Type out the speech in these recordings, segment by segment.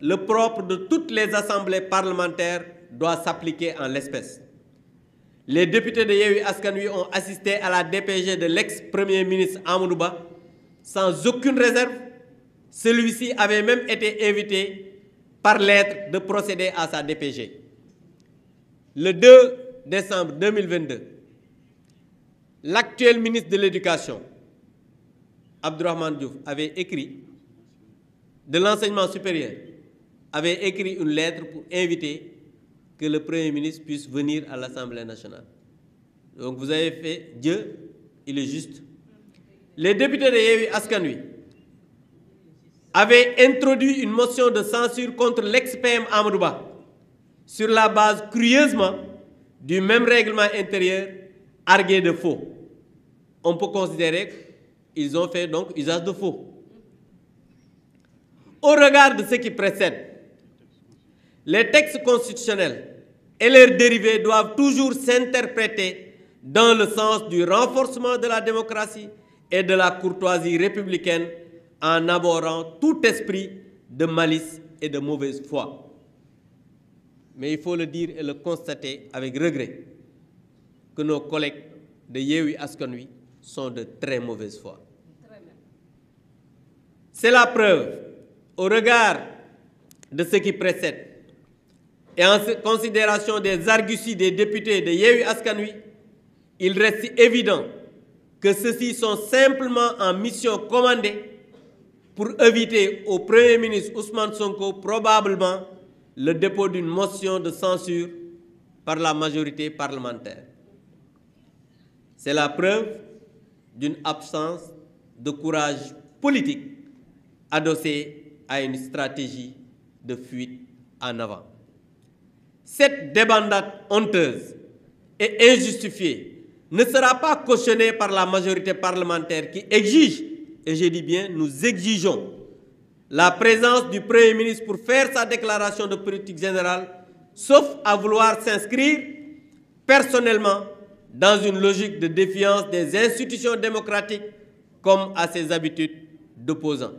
le propre de toutes les assemblées parlementaires doit s'appliquer en l'espèce. Les députés de askan Askanui ont assisté à la DPG de l'ex-premier ministre Amoudouba sans aucune réserve. Celui-ci avait même été invité par lettre de procéder à sa DPG. Le 2 décembre 2022, l'actuel ministre de l'Éducation, Abdourahmane Diouf, avait écrit de l'enseignement supérieur avait écrit une lettre pour inviter que le Premier ministre puisse venir à l'Assemblée nationale. Donc vous avez fait Dieu, il est juste. Les députés de Yewwi Askan Wi avaient introduit une motion de censure contre l'ex-PM Amadou Ba sur la base curieusement du même règlement intérieur argué de faux. On peut considérer qu'ils ont fait donc usage de faux. Au regard de ce qui précède, Les textes constitutionnels et leurs dérivés doivent toujours s'interpréter dans le sens du renforcement de la démocratie et de la courtoisie républicaine en abhorrant tout esprit de malice et de mauvaise foi. Mais il faut le dire et le constater avec regret que nos collègues de Yewi Askonui sont de très mauvaise foi. C'est la preuve, au regard de ce qui précède, et en considération des arguties des députés de Yewwi Askan Wi il reste évident que ceux-ci sont simplement en mission commandée pour éviter au Premier ministre Ousmane Sonko probablement le dépôt d'une motion de censure par la majorité parlementaire. C'est la preuve d'une absence de courage politique adossée à une stratégie de fuite en avant. Cette débandade honteuse et injustifiée ne sera pas cautionnée par la majorité parlementaire qui exige, et je dis bien nous exigeons, la présence du Premier ministre pour faire sa déclaration de politique générale, sauf à vouloir s'inscrire personnellement dans une logique de défiance des institutions démocratiques comme à ses habitudes d'opposants.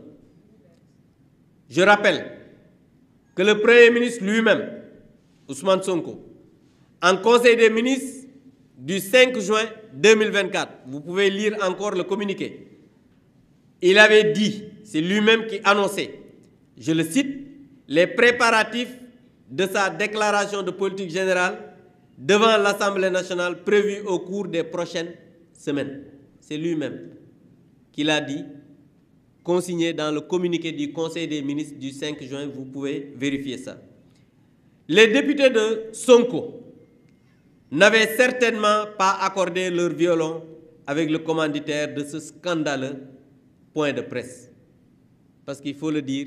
Je rappelle que le Premier ministre lui-même Ousmane Sonko en conseil des ministres du 5 juin 2024 vous pouvez lire encore le communiqué il avait dit c'est lui-même qui annonçait je le cite les préparatifs de sa déclaration de politique générale devant l'Assemblée nationale prévue au cours des prochaines semaines c'est lui-même qui l'a dit consigné dans le communiqué du Conseil des ministre du 5 juin vous pouvez vérifier ça Les députés de Sonko n'avaient certainement pas accordé leur violon avec le commanditaire de ce scandaleux point de presse. Parce qu'il faut le dire,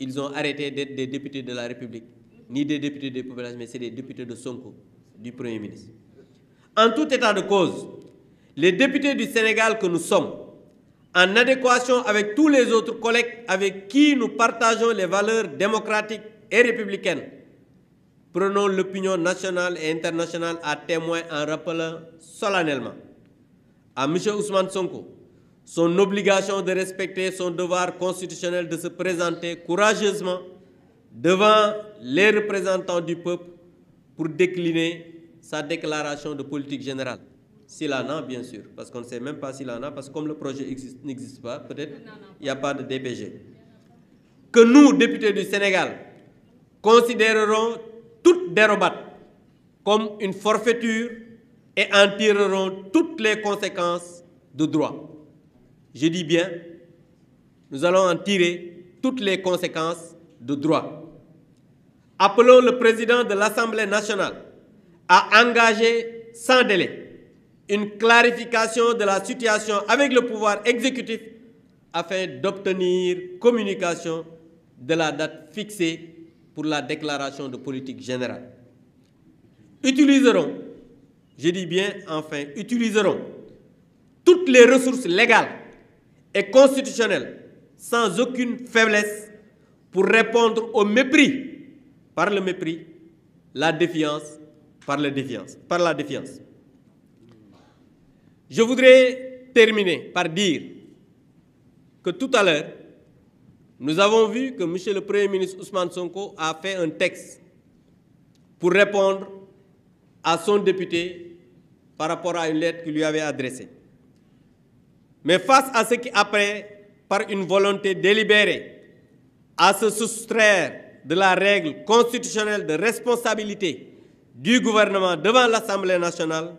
ils ont arrêté d'être des députés de la République, ni des députés des populations, mais c'est des députés de Sonko, du Premier ministre. En tout état de cause, les députés du Sénégal que nous sommes, en adéquation avec tous les autres collègues avec qui nous partageons les valeurs démocratiques et républicaines, Prenons l'opinion nationale et internationale à témoin en rappelant solennellement à M. Ousmane Sonko son obligation de respecter son devoir constitutionnel de se présenter courageusement devant les représentants du peuple pour décliner sa déclaration de politique générale. S'il en a, bien sûr, parce qu'on ne sait même pas s'il parce que comme le projet n'existe pas, peut-être il n'y a pas de DPG. Que nous, députés du Sénégal, considérerons toute dérobade comme une forfaiture et en tireront toutes les conséquences de droit. Je dis bien, nous allons en tirer toutes les conséquences de droit. Appelons le président de l'Assemblée nationale à engager sans délai une clarification de la situation avec le pouvoir exécutif afin d'obtenir communication de la date fixée pour la déclaration de politique générale. Utiliseront, je dis bien enfin, utiliseront toutes les ressources légales et constitutionnelles sans aucune faiblesse pour répondre au mépris, par le mépris, la défiance, par, le défiance, par la défiance. Je voudrais terminer par dire que tout à l'heure, Nous avons vu que Monsieur le Premier ministre Ousmane Sonko a fait un texte pour répondre à son député par rapport à une lettre qu'il lui avait adressée. Mais face à ce qui après, par une volonté délibérée, à se soustraire de la règle constitutionnelle de responsabilité du gouvernement devant l'Assemblée nationale,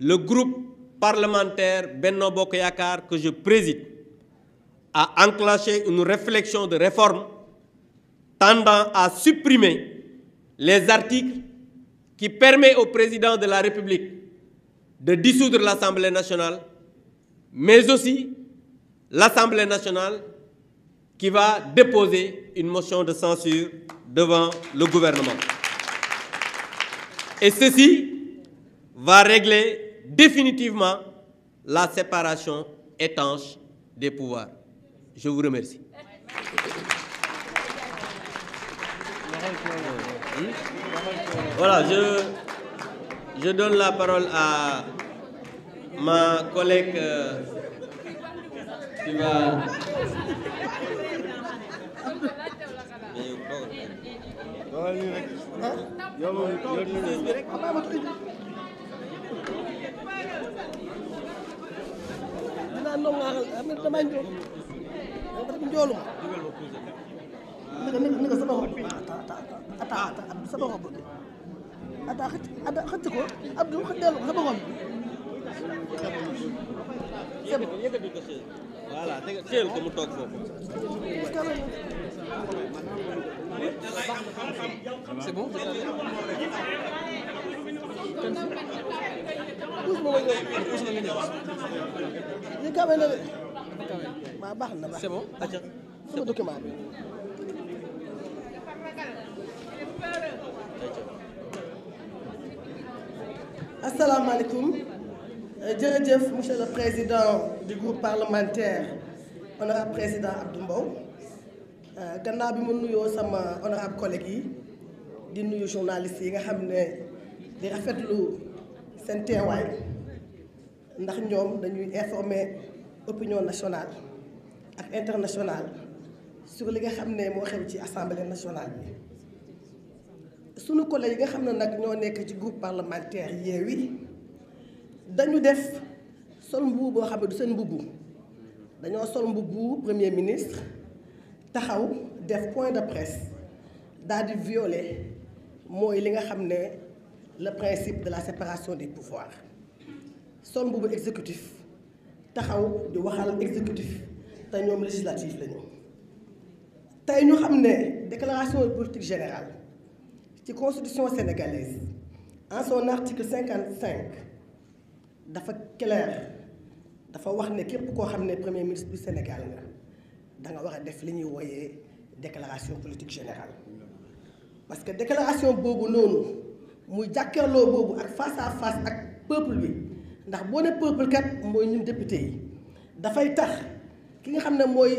le groupe parlementaire Benno Bokk Yakaar que je préside à enclencher une réflexion de réforme tendant à supprimer les articles qui permettent au président de la République de dissoudre l'Assemblée nationale, mais aussi l'Assemblée nationale qui va déposer une motion de censure devant le gouvernement. Et ceci va régler définitivement la séparation étanche des pouvoirs. Je vous remercie. Voilà, je, je donne la parole à ma collègue euh, qui va... njooluma ni nga ni nga sa boppam ata ata sa boppam ata xëcc ata xëcc ko Abdou xëcc dellu ko sa boppam voilà dégg nga teel ko mu toog foofu. c'est bon. pousse ma nga ñëw pousse ma nga ñëw. waaw baax na baax c'est sama document bi. asalaamaaleykum euh, jërëjëf monsieur le président du groupe parlementaire honorable président Abdou Mbow euh, gannaaw bi ma nuyoo sama honorable collègue yi di nuyu journaliste yi nga xam ne di rafetlu seen teewaay ndax ñoom dañuy informer opinion nationale ak international sur li nga xam ne moo xew ci assemblée nationale bi sunu collègue yi nga xam ne nag ñoo nekk ci groupe parlementaire Yewwi dañu def sol mbubu boo xam ne du seen mbubu dañoo sol mbubu premier ministre taxaw def point de presse daal di violer mooy li nga xam ne le principe de la séparation des pouvoirs sol mbubu exécutif taxaw di waxal exécutif. te ñoom législatif tey ñu xam ne déclaration de politique générale ci constitution sénégalaise en son article cinquante cinq dafa clair dafa wax ne képp koo xam ne premier ministre du Sénégal nga da war a def li ñuy wooyee déclaration politique général parce que déclaration boobu noonu muy jàkkaarloo boobu ak face à face ak peuple bi ndax boo ne peuple kat mooy ñun député yi dafay tax. ki nga xam ne mooy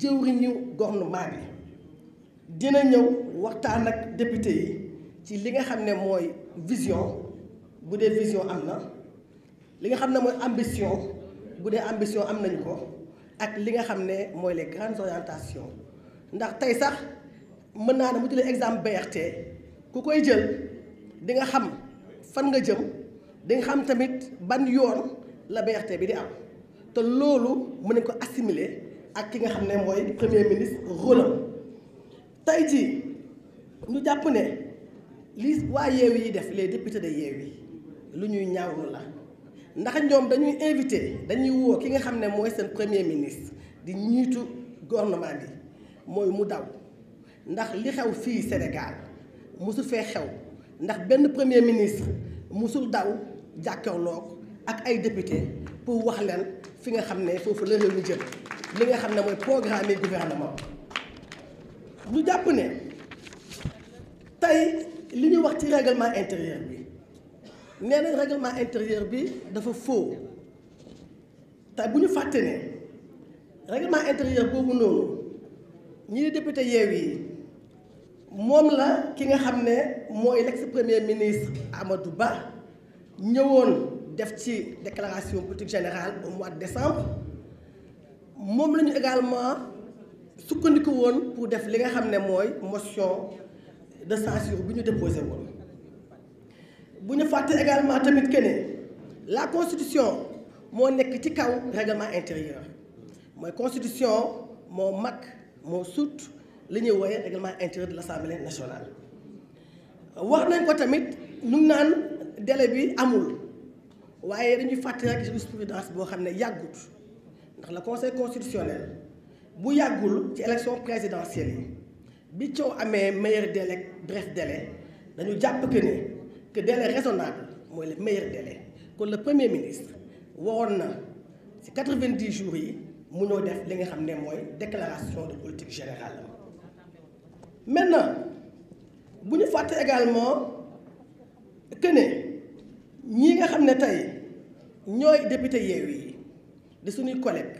jëw jëwriñu gouvernement bi dina ñëw waxtaan ak député yi ci li nga xam ne mooy vision bu dee vision am na li nga xam ne mooy ambition bu dee ambition am nañu ko ak li nga xam ne mooy les grandes orientations ndax tey sax mën naa ne mu jëlee exemple BRT ku koy jël di nga xam fan nga jëm di nga xam tamit ban yoon la BRT bi di am te loolu mu ne ko assimiler ak ki nga xam ne mooy premier ministre rôle am tey jii ñu jàpp ne li waa Yewwi yi def les députés de Yewwi lu ñuy ñaawlu la ndax ñoom dañuy invité dañuy woo ki nga xam ne mooy seen premier ministre di ñiitu gouvernement bi mooy mu daw ndax li xew fii Sénégal mosul fee xew ndax benn premier ministre mosul daw ko ak ay député pour wax leen. fi nga xam ne foofu la réew mi jëm li nga xam ne mooy programme gouvernement ñu jàpp ne tey li ñuy wax ci règlement intérieur bi nee nañ règlement intérieur bi dafa faux tey bu ñu fàtte ne règlement intérieur boobu noonu ñi député yeew yi moom la ki nga xam ne mooy l'ex premier ministre Amadou Ba ñëwoon. def ci déclaration politique générale au mois de décembre moom la ñu également sukkandiku woon pour def li nga xam ne mooy motion de censure bu ñu déposé woon bu ñu fàtte également tamit que ne la constitution moo nekk ci kaw règlement intérieur mooy constitution moo mag moo sut li ñuy wooyee règlement intérieur de l'Assemblée nationale wax nañ ko tamit ñu naan délai bi amul waaye dañuy fàtte rek jurisprudence boo xam ne yàggut ndax la conseil constitutionnel bu yàggul ci élection présidentielle yi bi coow amee meilleur délai bref délai dañu jàpp que ne que délai raisonnable mooy la meilleur délai kon le premier ministre waroon na ci quatre-vingt-dix jours yi mu ñoo def li nga xam ne mooy déclaration de politique générale na bu ñu fàtte également que ñi nga xam ne tey ñooy député Yewwi yi di suñuy collègue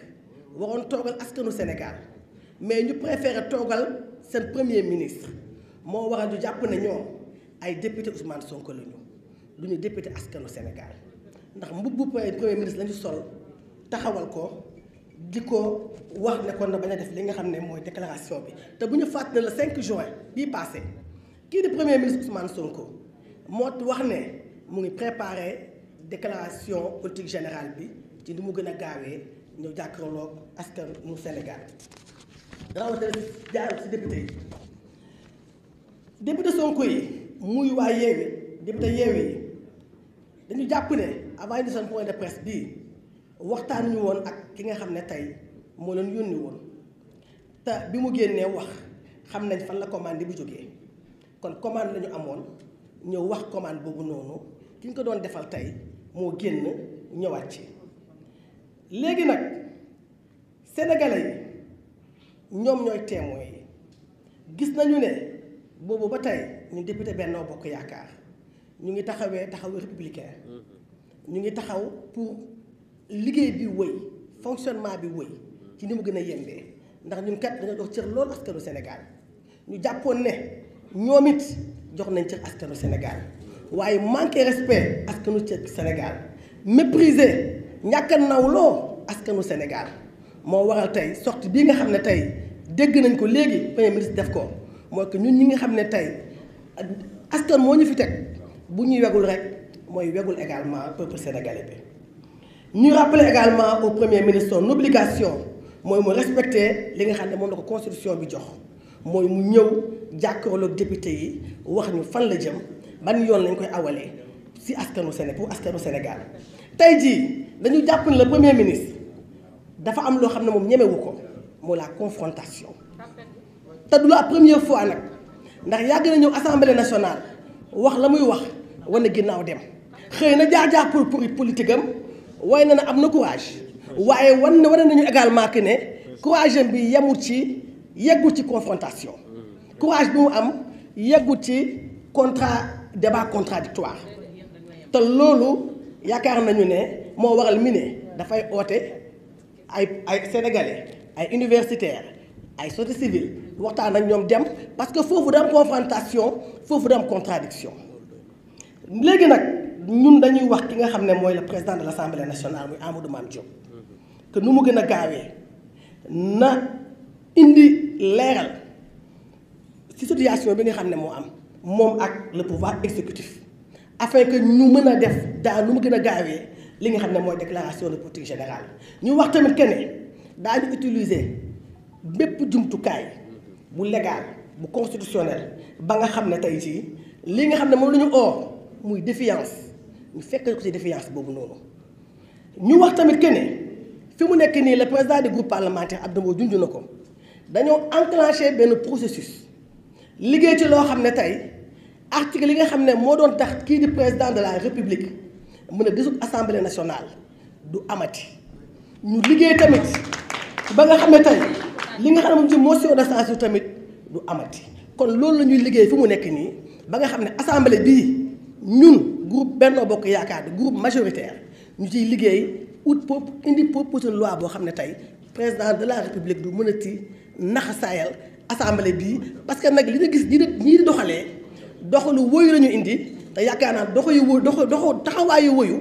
waroon toogal askanu Sénégal mais ñu préféré toogal seen premier ministre moo waral ñu jàpp ne ñoom ay député Ousmane Sonko la ñu du ñu député askanu Sénégal ndax mbubbu premier ministre lañu sol taxawal ko di ko wax ne kon na bañ a def li nga xam ne mooy déclaration bi te bu ñu fàttali la 5 juin bii passé kii di premier ministre Ousmane Sonko moo wax ne. mu ngi préparé déclaration politique général bi ci ni mu gën a gaawee ñëw jàkkaarloog askan mu Sénégal rawatina jaar ci député yi député Sonko yi muy waa Yewwi député Yewwi yi dañu jàpp ne avant de seen point de presse bii waxtaan ñu woon ak ki nga xam ne tey moo leen yónni woon te bi mu génnee wax xam nañ fan la commande bi jógee kon commande lañu amoon ñëw wax commande boobu noonu ki ñu ko doon defal tey moo génn ñëwaat ci léegi nag sénégalais yi ñoom ñooy témoin yi gis nañu ne boobu ba tey ñu député Benno Bokk Yaakaar ñu ngi taxawee taxaw républicain ñu ngi taxaw pour liggéey bi wëy fonctionnement bi wëy ci ni mu gën a yembee ndax ñun kat dañoo jox cër loolu askanu Sénégal ñu jàppoon ne ñoom it jox nañ cër askanu Sénégal waaye manqué respect askanu ci Sénégal mépriser ñàkk a nawloo askanu Sénégal moo waral tey sortie bii nga xam ne tey dégg nañ ko léegi premier ministre def ko mooy que ñun ñi ngi xam ne tey askan moo ñu fi teg bu ñuy wegul rek mooy wegul également peuple sénégalais bi. ñu rappeler également au premier ministre son obligation mooy mu respecter li nga xam ne moom na ko constitution bi jox mooy mu ñëw jàkkaarloog député yi wax ñu fan la jëm. ban yoon lañ koy awalee si askanu Séné pour askanu Sénégal tey jii dañu jàpp ne le premier ministre dafa am loo xam ne moom ñemewu ko moo la confrontation te du la première fois nag ndax yàgg na ñëw assemblée nationale wax la muy wax wane ginnaaw dem xëy na jaar-jaar pour pour politique am waaye na na am na courage waaye wan na wane nañu également que ne courage am bi yemul ci yeggul ci confrontation courage bi mu am yeggul ci contrat débat contradictoire te loolu yaakaar nañu ne moo waral mi ne dafay oote ay ay sénégalais ay universitaires ay société civile waxtaan ak ñoom dem parce que foofu da am confrontation foofu da am contradiction léegi nag ñun dañuy wax ki nga xam ne mooy la président de l'Assemblée nationale muy Amadou Mame Diop que nu mu gën a gaawee na indi leeral ci situation bi nga xam ne moo am moom ak le pouvoir exécutif afin que ñu mën a def daa nu mu gën a gaawee li nga xam ne mooy déclaration de politique général ñu wax tamit que daal daañu utiliser bépp jumtukaay bu légal bu constitutionnel ba nga xam ne tey jii li nga xam ne moom la ñu oo muy défiance ñu fekk ko ci défiance boobu noonu ñu wax tamit que ne fi mu nekk nii le président du groupe parlementaire Abdou Mbow junj na ko dañoo enclenché benn processus liggéey ci loo xam ne tey. article li nga xam ne moo doon tax kii di président de la république mu a disub assemblée nationale du amati ñu liggéey tamit ba nga xam ne tey li nga xam ne moom ci motion de censure tamit du amati kon loolu la ñuy liggéey fi mu nekk nii ba nga xam ne assemblée bii ñun groupe benn Bokk Yaakaar bi groupe majoritaire ñu ciy liggéey out po indi proposition loi boo xam ne tey président de la république du mën a ti naxasaayal assemblée bii parce que nag li ñu gis ñi ñii doxalee doxalu woyu lañu indi te yaakaar naa doxayu woyu dox dox taxawaayu woyu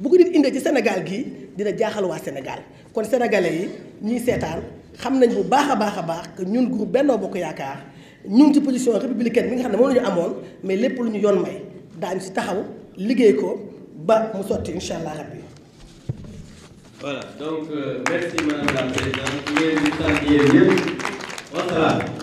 bu ko nit indee ci senegal gii dina jaaxal waa Sénégal kon sénégalais yi ñuy seetaan xam nañ bu baax a baax a baax que ñun groupe Benno Bokk Yaakaar ñu ngi ci position républicaine bi nga xam ne moom la amoon mais lépp lu ñu yoon may daañu si taxaw liggéey ko ba mu sotti incha allah rabbi voilà euh,